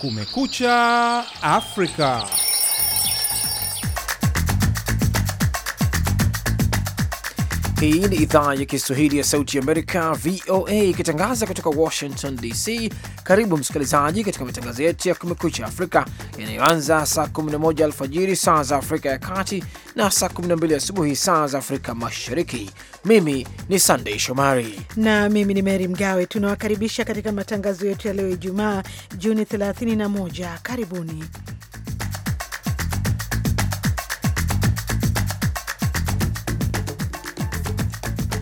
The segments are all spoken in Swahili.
Kumekucha Afrika. Hii ni idhaa ya Kiswahili ya Sauti Amerika, VOA, ikitangaza kutoka Washington DC. Karibu msikilizaji katika matangazo yetu ya Kumekucha Afrika yanayoanza saa 11 alfajiri saa za Afrika ya Kati na saa 12 asubuhi saa za Afrika Mashariki. Mimi ni Sandei Shomari na mimi ni mery Mgawe. Tunawakaribisha katika matangazo yetu ya leo Ijumaa, Juni 31. Karibuni.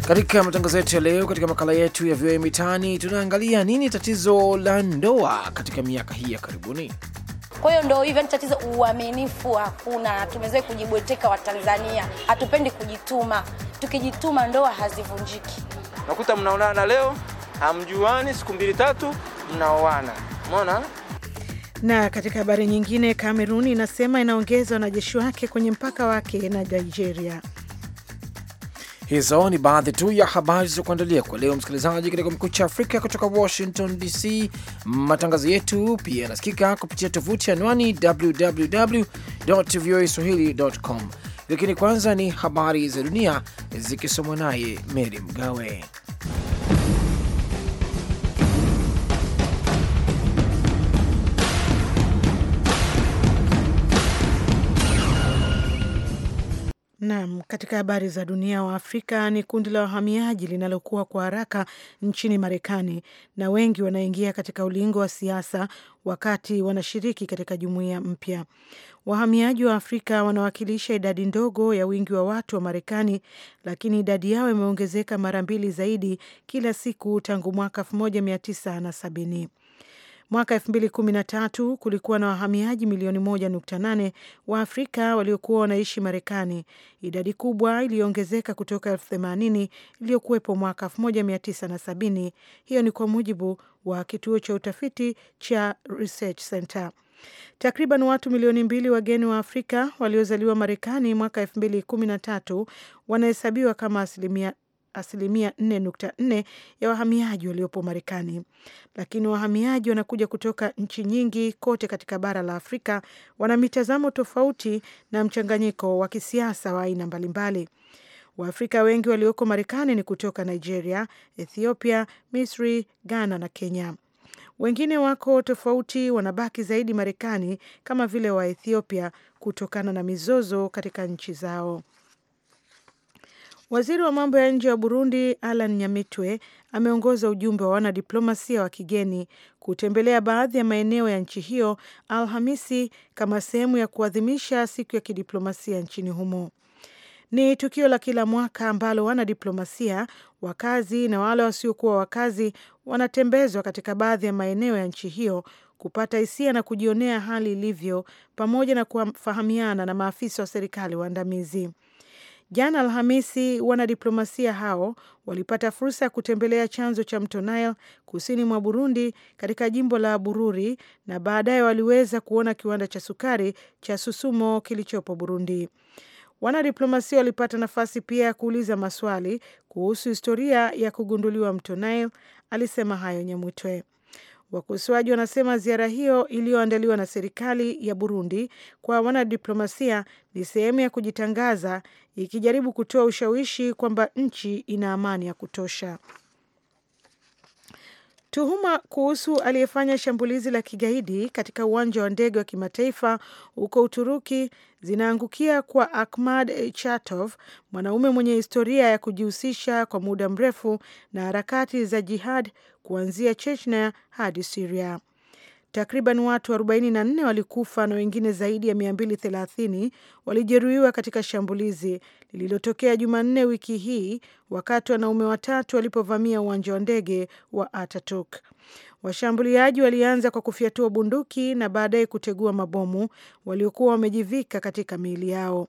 Katika matangazo yetu ya leo, katika makala yetu ya vyoe Mitaani, tunaangalia nini tatizo la ndoa katika miaka hii ya karibuni. Kwa hiyo ndo hivyo, ni tatizo uaminifu hakuna. Tumezoea kujibweteka Watanzania, hatupendi kujituma. Tukijituma ndoa hazivunjiki. Nakuta mnaonana leo, hamjuani, siku mbili tatu mnaoana. Umeona? Na katika habari nyingine, Kameruni inasema inaongeza wanajeshi wake kwenye mpaka wake na Nigeria. Hizo ni baadhi tu ya habari za kuandalia kwa leo, msikilizaji, katika Kumekucha Afrika kutoka Washington DC. Matangazo yetu pia yanasikika kupitia tovuti anwani www voa swahilicom, lakini kwanza ni habari za dunia zikisomwa naye Meri Mgawe. Naam, katika habari za dunia wa Afrika ni kundi la wahamiaji linalokuwa kwa haraka nchini Marekani na wengi wanaingia katika ulingo wa siasa wakati wanashiriki katika jumuiya mpya. Wahamiaji wa Afrika wanawakilisha idadi ndogo ya wingi wa watu wa Marekani, lakini idadi yao imeongezeka mara mbili zaidi kila siku tangu mwaka 1970. Mwaka elfu mbili kumi na tatu kulikuwa na wahamiaji milioni moja nukta nane wa Afrika waliokuwa wanaishi Marekani, idadi kubwa iliyoongezeka kutoka elfu themanini iliyokuwepo mwaka elfu moja mia tisa na sabini. Hiyo ni kwa mujibu wa kituo cha utafiti cha Research Center. Takriban watu milioni mbili wageni wa Afrika waliozaliwa Marekani mwaka elfu mbili kumi na tatu wanahesabiwa kama asilimia asilimia 4.4 ya wahamiaji waliopo Marekani, lakini wahamiaji wanakuja kutoka nchi nyingi kote katika bara la Afrika, wana mitazamo tofauti na mchanganyiko wa kisiasa wa aina mbalimbali. Waafrika wengi walioko Marekani ni kutoka Nigeria, Ethiopia, Misri, Ghana na Kenya. Wengine wako tofauti, wanabaki zaidi Marekani kama vile Waethiopia kutokana na mizozo katika nchi zao. Waziri wa mambo ya nje wa Burundi Alan Nyamitwe ameongoza ujumbe wa wanadiplomasia wa kigeni kutembelea baadhi ya maeneo ya nchi hiyo Alhamisi kama sehemu ya kuadhimisha siku ya kidiplomasia nchini humo. Ni tukio la kila mwaka ambalo wanadiplomasia wakazi na wale wasiokuwa wakazi wanatembezwa katika baadhi ya maeneo ya nchi hiyo kupata hisia na kujionea hali ilivyo, pamoja na kufahamiana na maafisa wa serikali waandamizi. Jana Alhamisi, wanadiplomasia hao walipata fursa ya kutembelea chanzo cha mto Nile kusini mwa Burundi, katika jimbo la Bururi, na baadaye waliweza kuona kiwanda cha sukari cha Susumo kilichopo Burundi. Wanadiplomasia walipata nafasi pia ya kuuliza maswali kuhusu historia ya kugunduliwa mto Nile, alisema hayo Nyamwitwe. Wakosoaji wanasema ziara hiyo iliyoandaliwa na serikali ya Burundi kwa wanadiplomasia ni sehemu ya kujitangaza, ikijaribu kutoa ushawishi kwamba nchi ina amani ya kutosha. Tuhuma kuhusu aliyefanya shambulizi la kigaidi katika uwanja wa ndege wa kimataifa huko Uturuki zinaangukia kwa Ahmad Chatov, mwanaume mwenye historia ya kujihusisha kwa muda mrefu na harakati za jihad kuanzia Chechnya hadi Siria. Takriban watu 44 walikufa na wengine zaidi ya 230 walijeruhiwa katika shambulizi lililotokea Jumanne wiki hii wakati wanaume watatu walipovamia uwanja wa ndege wa Ataturk. Washambuliaji walianza kwa kufyatua bunduki na baadaye kutegua mabomu waliokuwa wamejivika katika miili yao.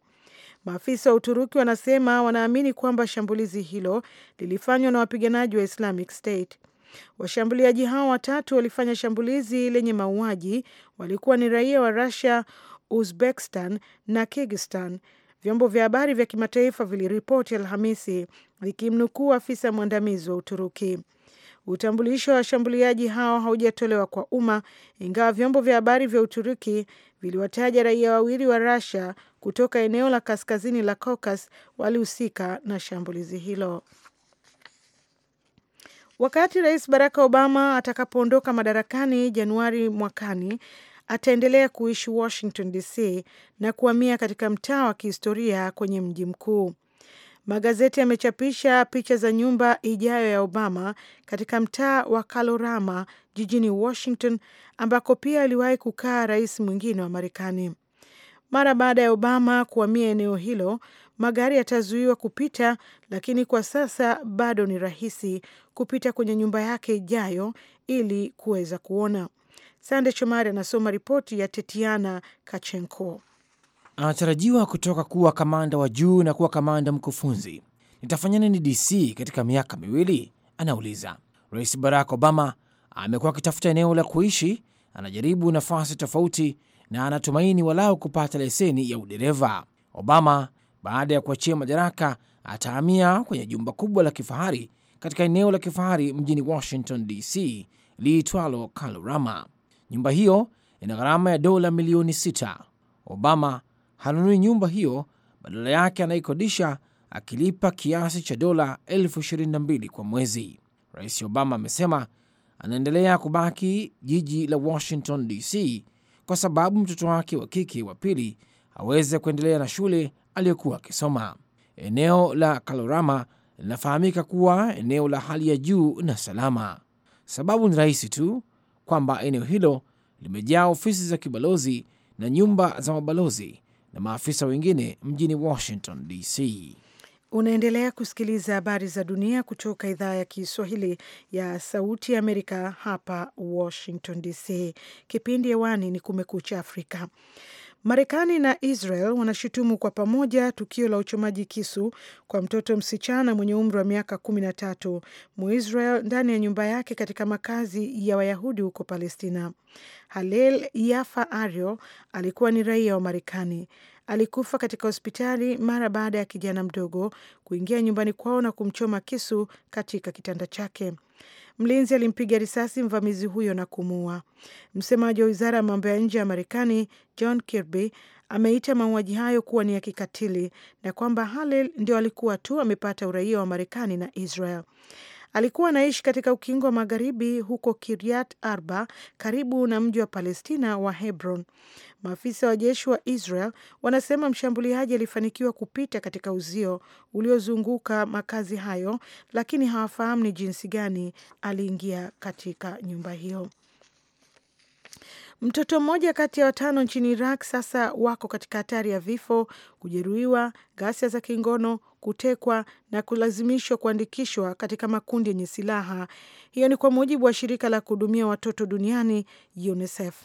Maafisa wa Uturuki wanasema wanaamini kwamba shambulizi hilo lilifanywa na wapiganaji wa Islamic State. Washambuliaji hao watatu walifanya shambulizi lenye mauaji, walikuwa ni raia wa Russia, Uzbekistan na Kyrgyzstan Vyombo vya habari vya kimataifa viliripoti Alhamisi vikimnukuu afisa mwandamizi wa Uturuki. Utambulisho wa washambuliaji hao haujatolewa kwa umma, ingawa vyombo vya habari vya Uturuki viliwataja raia wawili wa rasia kutoka eneo la kaskazini la cocas walihusika na shambulizi hilo. Wakati Rais Barack Obama atakapoondoka madarakani Januari mwakani, ataendelea kuishi Washington DC na kuhamia katika mtaa wa kihistoria kwenye mji mkuu. Magazeti yamechapisha picha za nyumba ijayo ya Obama katika mtaa wa Kalorama jijini Washington, ambako pia aliwahi kukaa rais mwingine wa Marekani. Mara baada ya Obama kuhamia eneo hilo, magari yatazuiwa kupita, lakini kwa sasa bado ni rahisi kupita kwenye nyumba yake ijayo ili kuweza kuona. Sande Shomari anasoma ripoti ya Tetiana Kachenko. Anatarajiwa kutoka kuwa kamanda wa juu na kuwa kamanda mkufunzi. Nitafanya nini DC katika miaka miwili? Anauliza. Rais Barack Obama amekuwa akitafuta eneo la kuishi, anajaribu nafasi tofauti na anatumaini walau kupata leseni ya udereva. Obama baada ya kuachia madaraka atahamia kwenye jumba kubwa la kifahari katika eneo la kifahari mjini Washington DC liitwalo Kalorama. Nyumba hiyo ina gharama ya dola milioni sita. Obama hanunui nyumba hiyo, badala yake anaikodisha akilipa kiasi cha dola elfu ishirini na mbili kwa mwezi. Rais Obama amesema anaendelea kubaki jiji la Washington DC kwa sababu mtoto wake wa kike wa pili aweze kuendelea na shule aliyokuwa akisoma. Eneo la Kalorama linafahamika kuwa eneo la hali ya juu na salama. Sababu ni rahisi tu, kwamba eneo hilo limejaa ofisi za kibalozi na nyumba za mabalozi na maafisa wengine mjini Washington DC. Unaendelea kusikiliza habari za dunia kutoka idhaa ya Kiswahili ya Sauti ya Amerika hapa Washington DC. Kipindi hewani ni Kumekucha Afrika. Marekani na Israel wanashutumu kwa pamoja tukio la uchomaji kisu kwa mtoto msichana mwenye umri wa miaka kumi na tatu Muisrael ndani ya nyumba yake katika makazi ya Wayahudi huko Palestina. Halel Yafa ario alikuwa ni raia wa Marekani. Alikufa katika hospitali mara baada ya kijana mdogo kuingia nyumbani kwao na kumchoma kisu katika kitanda chake. Mlinzi alimpiga risasi mvamizi huyo na kumuua. Msemaji wa wizara ya mambo ya nje ya Marekani John Kirby ameita mauaji hayo kuwa ni ya kikatili na kwamba Halel ndio alikuwa tu amepata uraia wa Marekani na Israel. Alikuwa anaishi katika ukingo wa magharibi huko Kiryat Arba, karibu na mji wa Palestina wa Hebron. Maafisa wa jeshi wa Israel wanasema mshambuliaji alifanikiwa kupita katika uzio uliozunguka makazi hayo, lakini hawafahamu ni jinsi gani aliingia katika nyumba hiyo. Mtoto mmoja kati ya watano nchini Iraq sasa wako katika hatari ya vifo, kujeruhiwa, ghasia za kingono, kutekwa na kulazimishwa kuandikishwa katika makundi yenye silaha. Hiyo ni kwa mujibu wa shirika la kuhudumia watoto duniani UNICEF.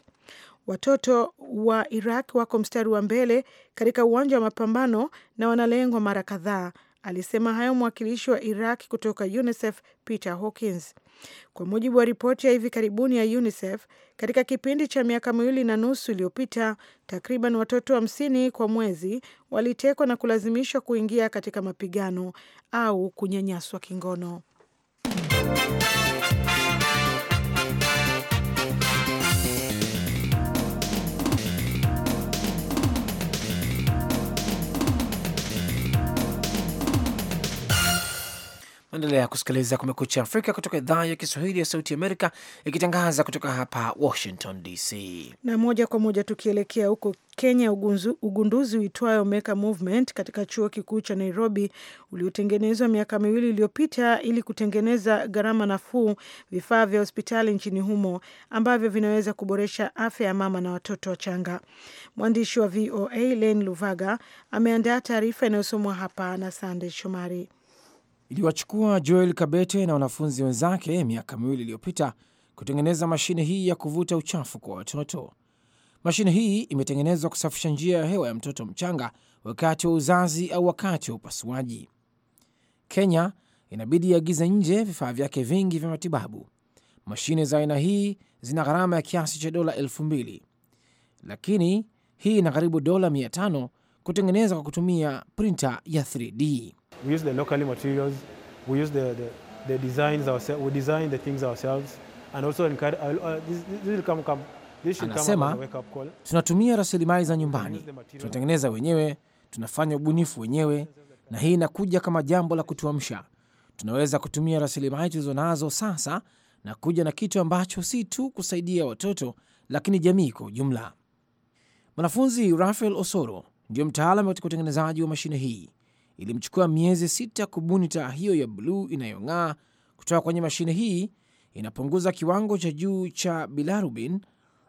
Watoto wa Iraq wako mstari wa mbele katika uwanja wa mapambano na wanalengwa mara kadhaa, Alisema hayo mwakilishi wa Iraq kutoka UNICEF Peter Hawkins. Kwa mujibu wa ripoti ya hivi karibuni ya UNICEF, katika kipindi cha miaka miwili na nusu iliyopita, takriban watoto hamsini wa kwa mwezi walitekwa na kulazimishwa kuingia katika mapigano au kunyanyaswa kingono. naendelea kusikiliza Kumekucha Afrika kutoka idhaa ya Kiswahili ya Sauti Amerika ikitangaza kutoka hapa Washington DC. Na moja kwa moja tukielekea huko Kenya, ugunzu, ugunduzi uitwayo Maker Movement katika chuo kikuu cha Nairobi uliotengenezwa miaka miwili iliyopita ili kutengeneza gharama nafuu vifaa vya hospitali nchini humo ambavyo vinaweza kuboresha afya ya mama na watoto wachanga. Mwandishi wa VOA Len Luvaga ameandaa taarifa inayosomwa hapa na Sande Shomari iliwachukua Joel Kabete na wanafunzi wenzake miaka miwili iliyopita kutengeneza mashine hii ya kuvuta uchafu kwa watoto. Mashine hii imetengenezwa kusafisha njia ya hewa ya mtoto mchanga wakati wa uzazi au wakati wa upasuaji. Kenya inabidi iagize nje vifaa vyake vingi vya matibabu. Mashine za aina hii zina gharama ya kiasi cha dola elfu mbili lakini hii ina gharibu dola mia tano kutengeneza kwa kutumia printa ya 3D. We use the locally materials. We use the, the, the designs ourselves. We design the things ourselves and also encourage, uh, uh this, this will come, come. This should Anasema come wake up call. Tunatumia rasilimali za nyumbani, tunatengeneza wenyewe, tunafanya ubunifu wenyewe, na hii inakuja kama jambo la kutuamsha. Tunaweza kutumia rasilimali tulizo nazo sasa na kuja na kitu ambacho si tu kusaidia watoto, lakini jamii kwa ujumla. Mwanafunzi Rafael Osoro ndio mtaalamu katika utengenezaji wa mashine hii ilimchukua miezi sita kubuni taa hiyo ya bluu inayong'aa kutoka kwenye mashine hii. Inapunguza kiwango cha juu cha bilarubin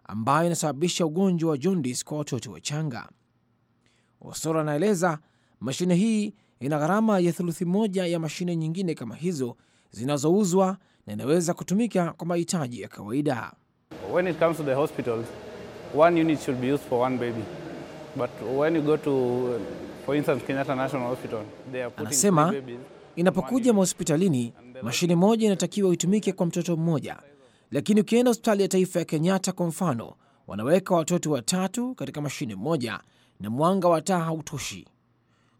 ambayo inasababisha ugonjwa wa jundis kwa watoto wachanga. Osoro anaeleza mashine hii ina gharama ya thuluthi moja ya mashine nyingine kama hizo zinazouzwa na inaweza kutumika kwa mahitaji ya kawaida. When it comes to the one unit should be used for one baby. But when you go to Anasema inapokuja mahospitalini, mashine moja inatakiwa itumike kwa mtoto mmoja, lakini ukienda hospitali ya taifa ya Kenyatta kwa mfano, wanaweka watoto watatu katika mashine moja na mwanga wa taa hautoshi.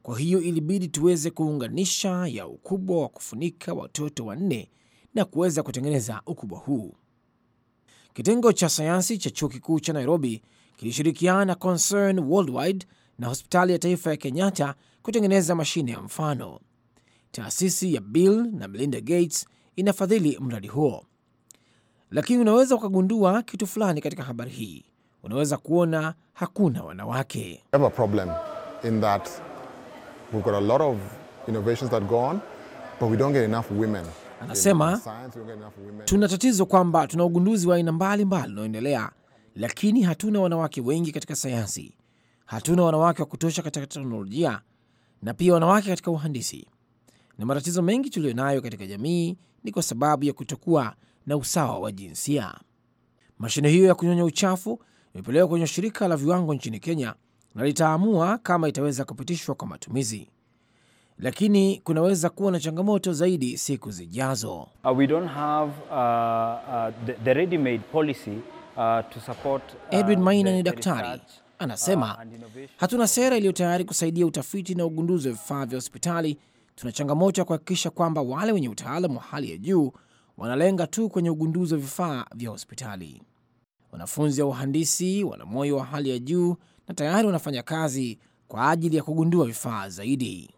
Kwa hiyo ilibidi tuweze kuunganisha ya ukubwa wa kufunika watoto wanne na kuweza kutengeneza ukubwa huu. Kitengo cha sayansi cha chuo kikuu cha Nairobi kilishirikiana na Concern Worldwide na hospitali ya taifa ya Kenyatta kutengeneza mashine ya mfano. Taasisi ya Bill na Melinda Gates inafadhili mradi huo. Lakini unaweza ukagundua kitu fulani katika habari hii. Unaweza kuona hakuna wanawake. Anasema tuna tatizo kwamba tuna ugunduzi wa aina mbalimbali unaoendelea, lakini hatuna wanawake wengi katika sayansi hatuna wanawake wa kutosha katika teknolojia na pia wanawake katika uhandisi, na matatizo mengi tuliyonayo katika jamii ni kwa sababu ya kutokuwa na usawa wa jinsia. Mashine hiyo ya kunyonya uchafu imepelekwa kwenye shirika la viwango nchini Kenya na litaamua kama itaweza kupitishwa kwa matumizi, lakini kunaweza kuwa na changamoto zaidi siku zijazo. Uh, uh, uh, uh Edwin Maina ni daktari Anasema ah, hatuna sera iliyo tayari kusaidia utafiti na ugunduzi wa vifaa vya hospitali. Tuna changamoto ya kuhakikisha kwamba wale wenye utaalamu wa hali ya juu wanalenga tu kwenye ugunduzi wa vifaa vya hospitali. Wanafunzi wa uhandisi wana moyo wa hali ya juu na tayari wanafanya kazi kwa ajili ya kugundua vifaa zaidi.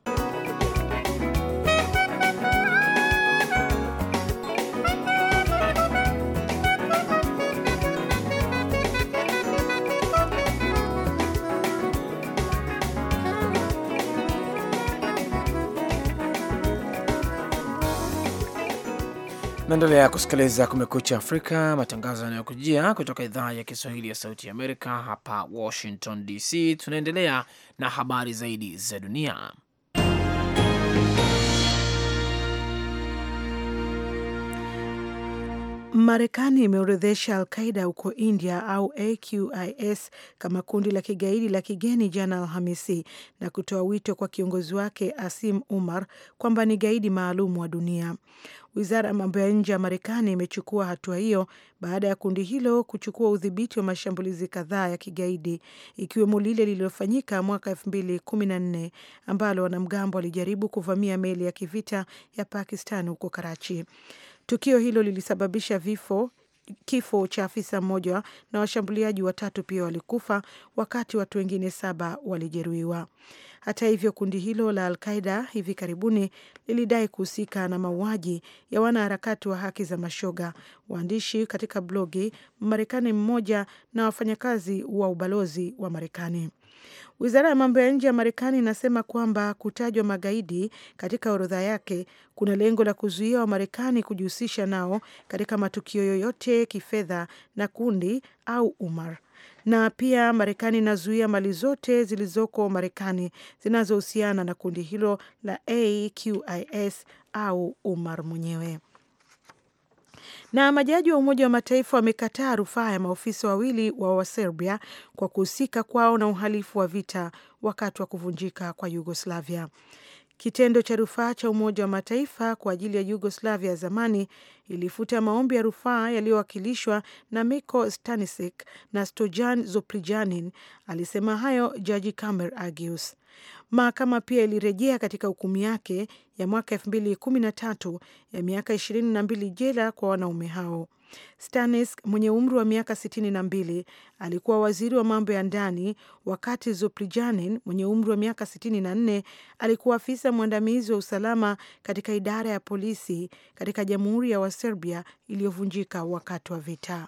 Naendelea kusikiliza Kumekucha Afrika, matangazo yanayokujia kutoka idhaa ya Kiswahili ya Sauti ya Amerika hapa Washington DC. Tunaendelea na habari zaidi za dunia. Marekani imeorodhesha Alqaida huko India au AQIS kama kundi la kigaidi la kigeni jana Alhamisi na kutoa wito kwa kiongozi wake Asim Umar kwamba ni gaidi maalum wa dunia. Wizara ya mambo ya nje ya Marekani imechukua hatua hiyo baada ya kundi hilo kuchukua udhibiti wa mashambulizi kadhaa ya kigaidi ikiwemo lile lililofanyika mwaka elfu mbili kumi na nne ambalo wanamgambo walijaribu kuvamia meli ya kivita ya Pakistan huko Karachi. Tukio hilo lilisababisha vifo kifo cha afisa mmoja na washambuliaji watatu pia walikufa wakati watu wengine saba walijeruhiwa. Hata hivyo, kundi hilo la Alqaida hivi karibuni lilidai kuhusika na mauaji ya wanaharakati wa haki za mashoga, waandishi katika blogi, marekani mmoja na wafanyakazi wa ubalozi wa Marekani. Wizara ya mambo ya nje ya Marekani inasema kwamba kutajwa magaidi katika orodha yake kuna lengo la kuzuia Wamarekani kujihusisha nao katika matukio yoyote kifedha na kundi au Umar na pia Marekani inazuia mali zote zilizoko Marekani zinazohusiana na kundi hilo la AQIS au Umar mwenyewe. Na majaji wa Umoja wa Mataifa wamekataa rufaa ya maofisa wawili wa Waserbia kwa kuhusika kwao na uhalifu wa vita wakati wa kuvunjika kwa Yugoslavia. Kitendo cha rufaa cha Umoja wa Mataifa kwa ajili ya Yugoslavia ya zamani ilifuta maombi ya rufaa yaliyowakilishwa na Miko Stanisic na Stojan Zoprijanin. Alisema hayo Jaji Kamer Agius. Mahakama pia ilirejea katika hukumu yake ya mwaka tatu ya miaka mbili jela kwa wanaume hao. Stanis mwenye umri wa miaka mbili alikuwa waziri wa mambo ya ndani, wakati Zoprijanin mwenye umri wa miaka nne alikuwa afisa mwandamizi wa usalama katika idara ya polisi katika Jamhuri ya Waserbia iliyovunjika wakati wa vita.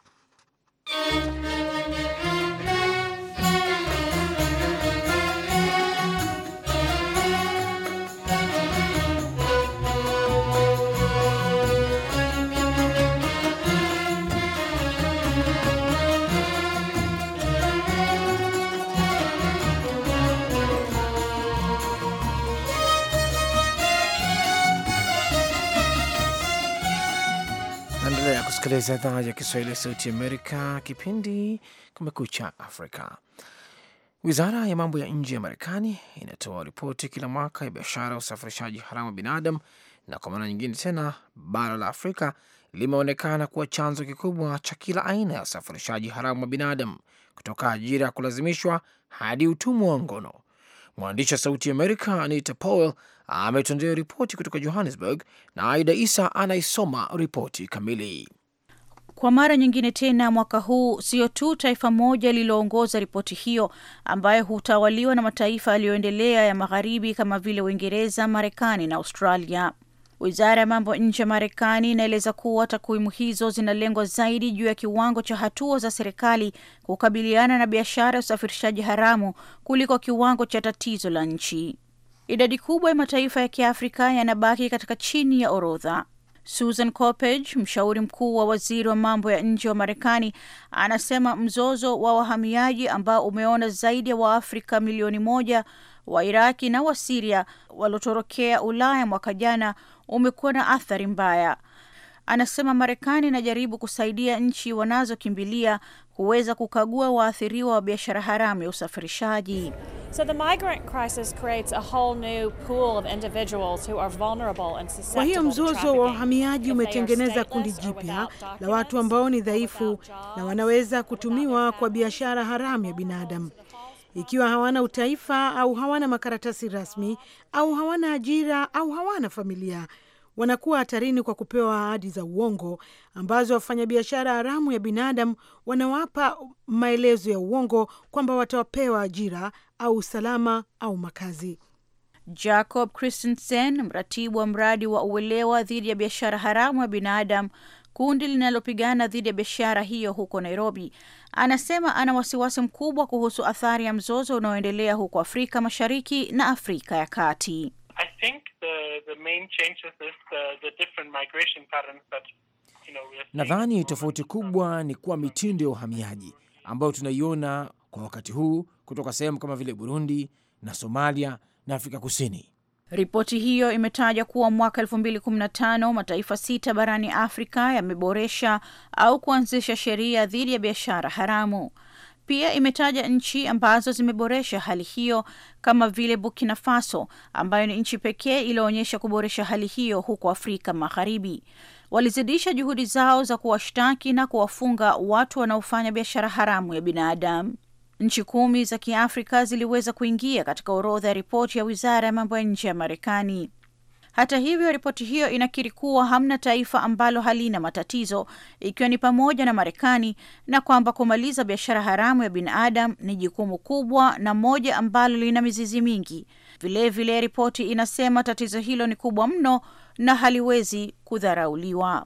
kusikiliza idhaa ya Kiswahili ya Sauti Amerika, kipindi Kumekucha Afrika. Wizara ya mambo ya nje ya Marekani inatoa ripoti kila mwaka ya biashara ya usafirishaji haramu wa binadamu, na kwa mara nyingine tena bara la Afrika limeonekana kuwa chanzo kikubwa cha kila aina ya usafirishaji haramu wa binadamu, kutoka ajira ya kulazimishwa hadi utumwa wa ngono. Mwandishi wa Sauti Amerika Anita Powell ametondea ripoti kutoka Johannesburg na Aida Isa anaisoma ripoti kamili. Kwa mara nyingine tena mwaka huu, sio tu taifa moja lililoongoza ripoti hiyo ambayo hutawaliwa na mataifa yaliyoendelea ya magharibi kama vile Uingereza, Marekani na Australia. Wizara ya mambo nje ya Marekani inaeleza kuwa takwimu hizo zinalengwa zaidi juu ya kiwango cha hatua za serikali kukabiliana na biashara ya usafirishaji haramu kuliko kiwango cha tatizo la nchi. Idadi kubwa ya mataifa ya Kiafrika yanabaki katika chini ya orodha. Susan Coppage, mshauri mkuu wa waziri wa mambo ya nje wa Marekani, anasema mzozo wa wahamiaji ambao umeona zaidi ya wa Waafrika milioni moja wa Iraki na wa Siria waliotorokea Ulaya mwaka jana umekuwa na athari mbaya. Anasema Marekani inajaribu kusaidia nchi wanazokimbilia kuweza kukagua waathiriwa wa biashara haramu ya usafirishaji. So the migrant crisis creates a whole new pool of individuals who are vulnerable and susceptible. Kwa hiyo mzozo wa uhamiaji umetengeneza kundi jipya la watu ambao ni dhaifu na wanaweza kutumiwa kwa biashara haramu ya binadamu. Ikiwa hawana utaifa au hawana makaratasi rasmi au hawana ajira au hawana familia wanakuwa hatarini kwa kupewa ahadi za uongo ambazo wafanyabiashara haramu ya binadamu wanawapa maelezo ya uongo kwamba watawapewa ajira au usalama au makazi. Jacob Christensen, mratibu wa mradi wa uelewa dhidi ya biashara haramu ya binadamu, kundi linalopigana dhidi ya biashara hiyo huko Nairobi, anasema ana wasiwasi mkubwa kuhusu athari ya mzozo unaoendelea huko Afrika Mashariki na Afrika ya Kati the main changes is the, uh, the different migration patterns that nadhani tofauti kubwa ni kuwa mitindo ya uhamiaji ambayo tunaiona kwa wakati huu kutoka sehemu kama vile Burundi na Somalia na Afrika Kusini. Ripoti hiyo imetaja kuwa mwaka 2015 mataifa sita barani Afrika yameboresha au kuanzisha sheria dhidi ya biashara haramu. Pia imetaja nchi ambazo zimeboresha hali hiyo kama vile Burkina Faso ambayo ni nchi pekee iliyoonyesha kuboresha hali hiyo huko Afrika Magharibi. Walizidisha juhudi zao za kuwashtaki na kuwafunga watu wanaofanya biashara haramu ya binadamu. Nchi kumi za Kiafrika ziliweza kuingia katika orodha ya ripoti ya wizara ya mambo ya nje ya Marekani. Hata hivyo, ripoti hiyo inakiri kuwa hamna taifa ambalo halina matatizo, ikiwa ni pamoja na Marekani, na kwamba kumaliza biashara haramu ya binadamu ni jukumu kubwa na moja ambalo lina mizizi mingi. Vilevile, ripoti inasema tatizo hilo ni kubwa mno na haliwezi kudharauliwa.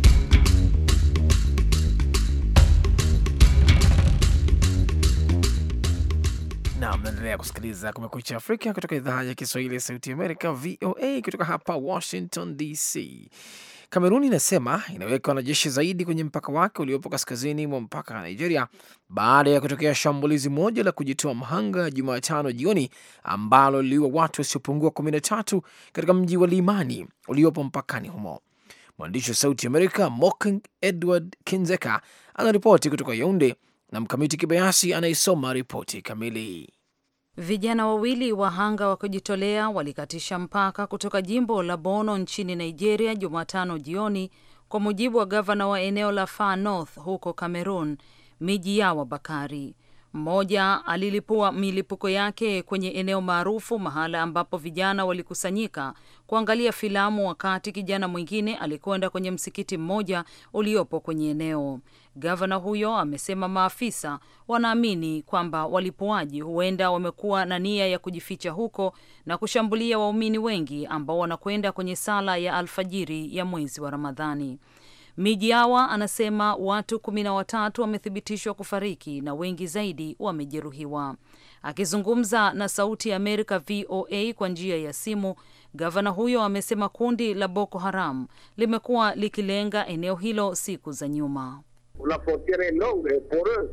na mnaendelea kusikiliza Kumekucha Afrika kutoka idhaa ya Kiswahili ya Sauti Amerika, VOA, kutoka hapa Washington DC. Kameruni inasema inaweka wanajeshi zaidi kwenye mpaka wake uliopo kaskazini mwa mpaka wa Nigeria baada ya kutokea shambulizi moja la kujitoa mhanga Jumatano jioni ambalo liliua watu wasiopungua 13 katika mji wa Limani uliopo mpakani humo. Mwandishi wa Sauti Amerika Moking Edward Kinzeka anaripoti kutoka Yaunde na Mkamiti Kibayasi anaisoma ripoti kamili. Vijana wawili wahanga wa kujitolea walikatisha mpaka kutoka jimbo la Bono nchini Nigeria Jumatano jioni, kwa mujibu wa gavana wa eneo la Far North huko Cameroon, Miji Yawa Bakari. Mmoja alilipua milipuko yake kwenye eneo maarufu, mahala ambapo vijana walikusanyika kuangalia filamu, wakati kijana mwingine alikwenda kwenye msikiti mmoja uliopo kwenye eneo. Gavana huyo amesema maafisa wanaamini kwamba walipuaji huenda wamekuwa na nia ya kujificha huko na kushambulia waumini wengi ambao wanakwenda kwenye sala ya alfajiri ya mwezi wa Ramadhani. Mijiawa anasema watu kumi na watatu wamethibitishwa kufariki na wengi zaidi wamejeruhiwa. Akizungumza na Sauti ya Amerika VOA kwa njia ya simu, gavana huyo amesema kundi la Boko Haram limekuwa likilenga eneo hilo siku za nyuma. La frontière est longue pour eux.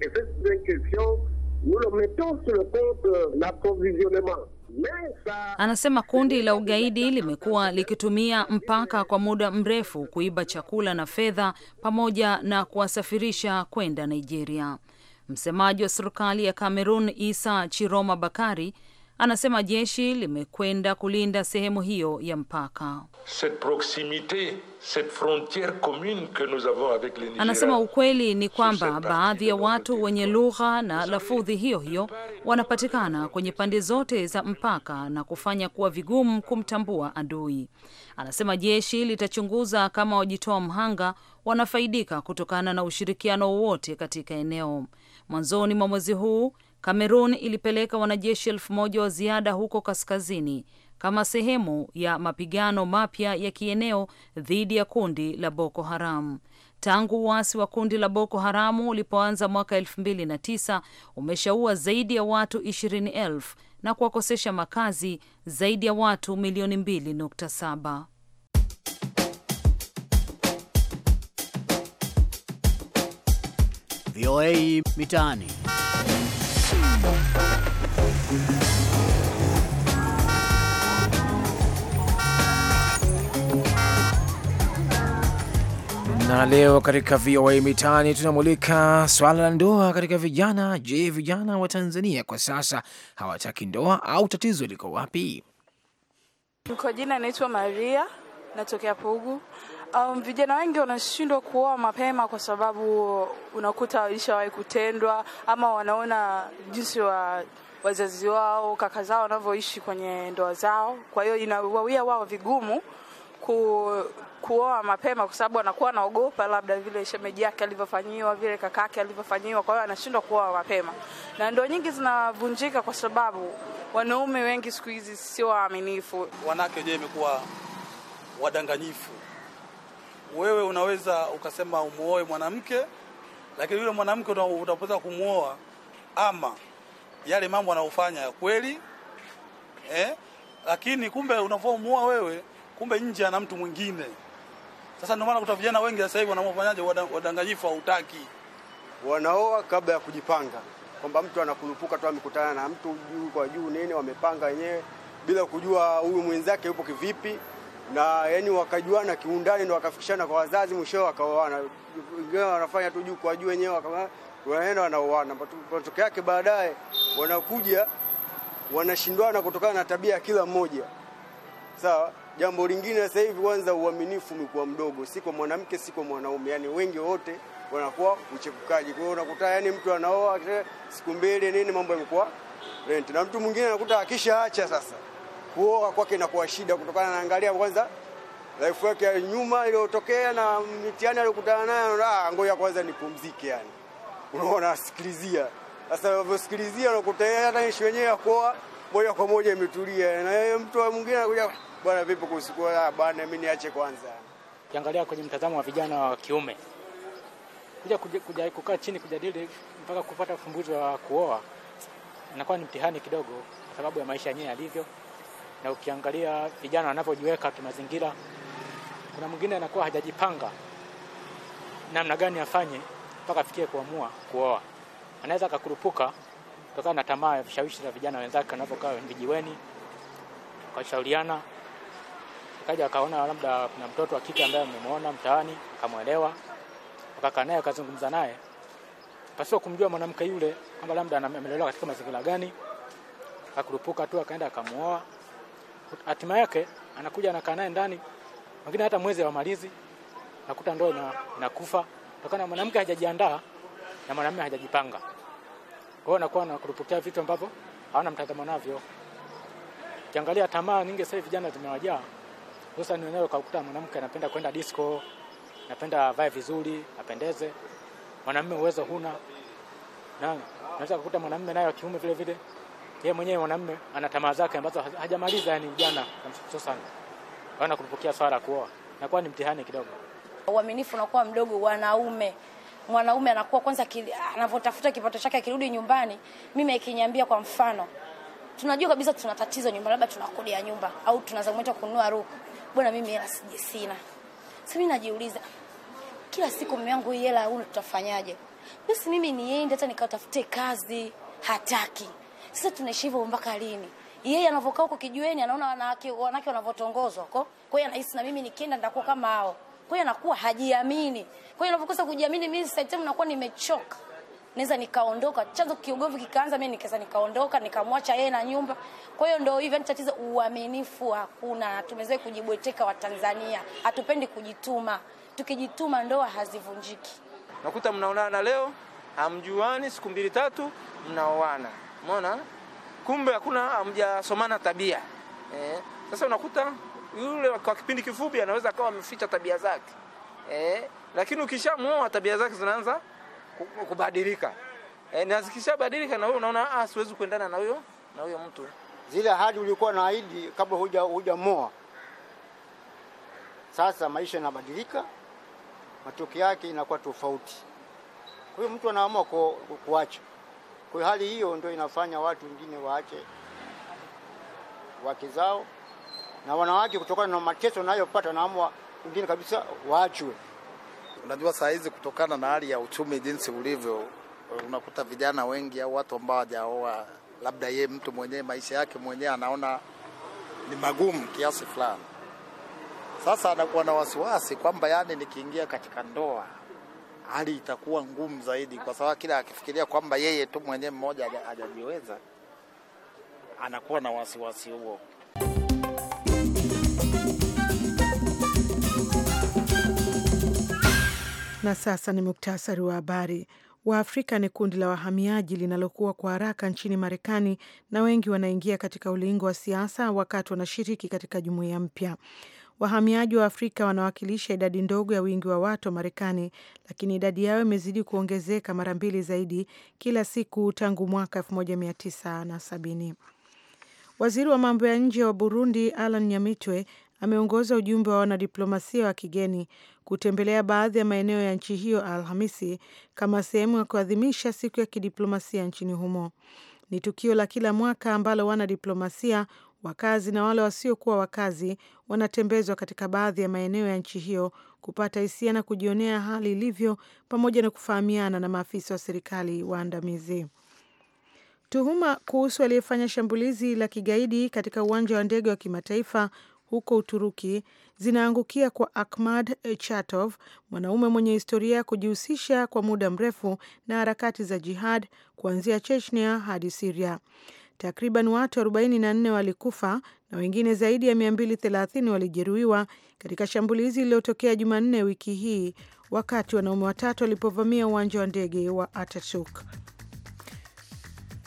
Et cette inquiétude, nous le mettons sur le compte l'approvisionnement. Anasema kundi la ugaidi limekuwa likitumia mpaka kwa muda mrefu kuiba chakula na fedha pamoja na kuwasafirisha kwenda Nigeria. Msemaji wa serikali ya Kamerun Isa Chiroma Bakari Anasema jeshi limekwenda kulinda sehemu hiyo ya mpaka. Cette cette commune que nous avons avec le Anasema ukweli ni kwamba baadhi ya watu wenye lugha na lafudhi hiyo hiyo wanapatikana kwenye pande zote za mpaka na kufanya kuwa vigumu kumtambua adui. Anasema jeshi litachunguza kama wajitoa mhanga wanafaidika kutokana na ushirikiano wowote katika eneo. Mwanzoni mwa mwezi huu Kamerun ilipeleka wanajeshi elfu moja wa ziada huko kaskazini kama sehemu ya mapigano mapya ya kieneo dhidi ya kundi la Boko Haram. Tangu uasi wa kundi la Boko Haramu ulipoanza mwaka elfu mbili na tisa umeshaua zaidi ya watu ishirini elfu na kuwakosesha makazi zaidi ya watu milioni mbili nukta saba. VOA Mitaani. Na leo katika VOA Mitaani tunamulika swala la ndoa katika vijana. Je, vijana wa Tanzania kwa sasa hawataki ndoa au tatizo liko wapi? Kwa jina naitwa Maria, natokea Pugu. Um, vijana wengi wanashindwa kuoa mapema kwa sababu unakuta walishawahi kutendwa ama wanaona jinsi wa wazazi wao kaka zao wanavyoishi kwenye ndoa zao, kwa hiyo inawawia wao vigumu ku, kuoa mapema kwa sababu anakuwa anaogopa labda vile shemeji yake alivyofanyiwa, vile kakake alivyofanyiwa, kwa hiyo anashindwa kuoa mapema, na ndoa nyingi zinavunjika kwa sababu wanaume wengi siku hizi sio waaminifu. Wanawake wenyewe imekuwa wadanganyifu wewe unaweza ukasema umuoe mwanamke, lakini yule mwanamke utapoweza kumuoa ama yale mambo anayofanya ya kweli eh, lakini kumbe unavomuoa wewe, kumbe nje ana mtu mwingine. Sasa ndio maana kuta vijana wengi sasa hivi wanaofanyaje, wadanganyifu, hautaki wanaoa kabla ya kujipanga, kwamba mtu anakurupuka tu, amekutana na mtu juu kwa juu nini, wamepanga wenyewe bila kujua huyu mwenzake yupo kivipi na yani wakajuana kiundani na wakafikishana kwa wazazi, mwisho wakaoana. Wengine wanafanya tu juu kwa juu wenyewe, wanaenda wanaoana. Matokeo yake baadaye wanakuja wanashindwana kutokana na tabia ya kila mmoja, sawa. Jambo lingine sasa hivi, kwanza uaminifu umekuwa mdogo, si kwa mwanamke, si kwa mwanaume, yani wengi wote wanakuwa uchekukaji. Kwa hiyo unakuta yani mtu anaoa siku mbili nini, mambo yamekuwa rent, na mtu mwingine anakuta akishaacha sasa kuoa kwake inakuwa shida, kutokana na angalia kwanza life yake ya nyuma iliyotokea na mitihani aliyokutana nayo, na ah, ngoja kwanza nipumzike. Yani unaona, asikilizia sasa, unavyosikilizia unakuta hata ishi wenyewe ya kuoa moja kwa moja imetulia, na yeye mtu mwingine anakuja, bwana vipi kusikua ah, bwana, mimi niache kwanza. Ukiangalia kwenye mtazamo wa vijana wa kiume kuja kuja kukaa chini kujadili mpaka kupata ufumbuzi wa kuoa inakuwa ni mtihani kidogo, kwa sababu ya maisha yenyewe yalivyo na ukiangalia vijana wanavyojiweka kimazingira, kuna mwingine anakuwa hajajipanga namna gani afanye mpaka afikie kuamua kuoa. Anaweza akakurupuka kutokana na tamaa ya vishawishi za vijana wenzake wanavyokaa vijiweni, wakashauriana, akaja akaona labda kuna mtoto wa kike ambaye amemwona mtaani, akamwelewa, akakaa naye, akazungumza naye pasio kumjua mwanamke yule kwamba labda amelelewa katika mazingira gani, akakurupuka tu akaenda akamuoa hatima yake anakuja anakaa naye ndani, wengine hata mwezi hawamalizi, nakuta ndoa na, inakufa kutokana mwanamke hajajiandaa na mwanamume hajajipanga. Kwa hiyo anakuwa anakurupukia vitu ambavyo hawana mtazamo navyo. Ukiangalia tamaa nyingi sasa vijana zimewajaa, hasa ni wenyewe kakuta mwanamke anapenda kwenda disco, anapenda avae vizuri, apendeze. Mwanamume uwezo huna na unaweza kukuta mwanamume naye wa kiume vile vile yeye mwenyewe mwanamume ana tamaa zake ambazo hajamaliza, yani jana sana wana kupokea swala kuoa na kwa ni mtihani kidogo. Uaminifu unakuwa mdogo wanaume mwanaume anakuwa kwanza anavyotafuta kipato chake, akirudi nyumbani, mimi akiniambia kwa mfano, tunajua kabisa tuna tatizo nyumba, labda tuna kodi ya nyumba au tunaweza mwita kununua ruku, bwana, mimi hela sije sina. Sasa mimi najiuliza kila siku, mume wangu, hii hela au tutafanyaje? Basi mimi niende hata nikatafute kazi, hataki. Sasa tunaishi hivyo mpaka lini? Yeye anavyokaa huko kijiweni, anaona wanawake wanawake wanavyotongozwa huko, kwa hiyo anahisi na mimi nikienda nitakuwa kama hao, kwa hiyo anakuwa hajiamini. Kwa hiyo anavyokosa kujiamini, mimi sometimes nakuwa nimechoka naweza nikaondoka. Chanzo kiogovu kikaanza, mimi nikaanza nikaondoka nikamwacha yeye na nyumba. Kwa hiyo ndio hivyo, ni tatizo, uaminifu hakuna. Tumezoea kujibweteka Watanzania, hatupendi kujituma. Tukijituma ndoa hazivunjiki. Nakuta mnaonana leo hamjuani, siku mbili tatu mnaoana umeona kumbe hakuna amjasomana tabia eh. Sasa unakuta yule kwa kipindi kifupi anaweza akawa ameficha tabia zake eh, lakini ukishamuoa tabia zake zinaanza kubadilika eh, na zikishabadilika na wewe unaona ah, siwezi kuendana na huyo na huyo mtu. Zile ahadi ulikuwa na ahidi kabla huja hujamoa, sasa maisha yanabadilika, matokeo yake inakuwa tofauti. Kwa hiyo mtu anaamua kuacha. Kwa hali hiyo ndio inafanya watu wengine waache wake zao na wanawake kutokana na mateso wanayopata, naamua wengine kabisa waachwe. Unajua saa hizi kutokana na hali ya uchumi jinsi ulivyo, unakuta vijana wengi au watu ambao hawajaoa, labda ye mtu mwenyewe maisha yake mwenyewe anaona ni magumu kiasi fulani. Sasa anakuwa na wasiwasi kwamba yani, nikiingia katika ndoa hali itakuwa ngumu zaidi, kwa sababu kila akifikiria kwamba yeye tu mwenyewe mmoja hajajiweza anakuwa na wasiwasi huo. Na sasa ni muktasari wa habari. Waafrika ni kundi la wahamiaji linalokuwa kwa haraka nchini Marekani, na wengi wanaingia katika ulingo wa siasa wakati wanashiriki katika jumuiya mpya. Wahamiaji wa Afrika wanawakilisha idadi ndogo ya wingi wa watu wa Marekani, lakini idadi yao imezidi kuongezeka mara mbili zaidi kila siku tangu mwaka 1970. Waziri wa mambo ya nje wa Burundi Alan Nyamitwe ameongoza ujumbe wa wanadiplomasia wa kigeni kutembelea baadhi ya maeneo ya nchi hiyo Alhamisi kama sehemu ya kuadhimisha siku ya kidiplomasia nchini humo. Ni tukio la kila mwaka ambalo wanadiplomasia Wakazi na wale wasiokuwa wakazi wanatembezwa katika baadhi ya maeneo ya nchi hiyo kupata hisia na kujionea hali ilivyo, pamoja na kufahamiana na maafisa wa serikali waandamizi. Tuhuma kuhusu aliyefanya shambulizi la kigaidi katika uwanja wa ndege wa kimataifa huko Uturuki zinaangukia kwa Ahmad Chatov, mwanaume mwenye historia ya kujihusisha kwa muda mrefu na harakati za jihad kuanzia Chechnia hadi Siria. Takriban watu 44 walikufa na wengine zaidi ya 230 walijeruhiwa katika shambulizi lililotokea Jumanne wiki hii wakati wanaume watatu walipovamia uwanja wa ndege wa Atatürk.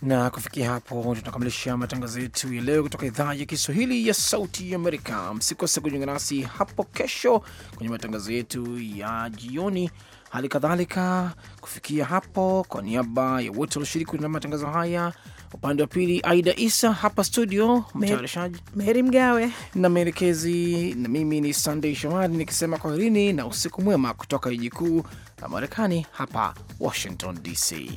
Na kufikia hapo tunakamilisha matangazo yetu ya leo kutoka idhaa ya Kiswahili ya Sauti ya Amerika. Msikose kujiunga nasi hapo kesho kwenye matangazo yetu ya jioni. Hali kadhalika kufikia hapo, kwa niaba ya wote walioshiriki na matangazo haya upande wa pili Aida Isa, hapa studio mtayarishaji Meri Mgawe na mwelekezi, na mimi ni Sunday Shomari nikisema kwaherini na usiku mwema kutoka jiji kuu la Marekani hapa Washington DC.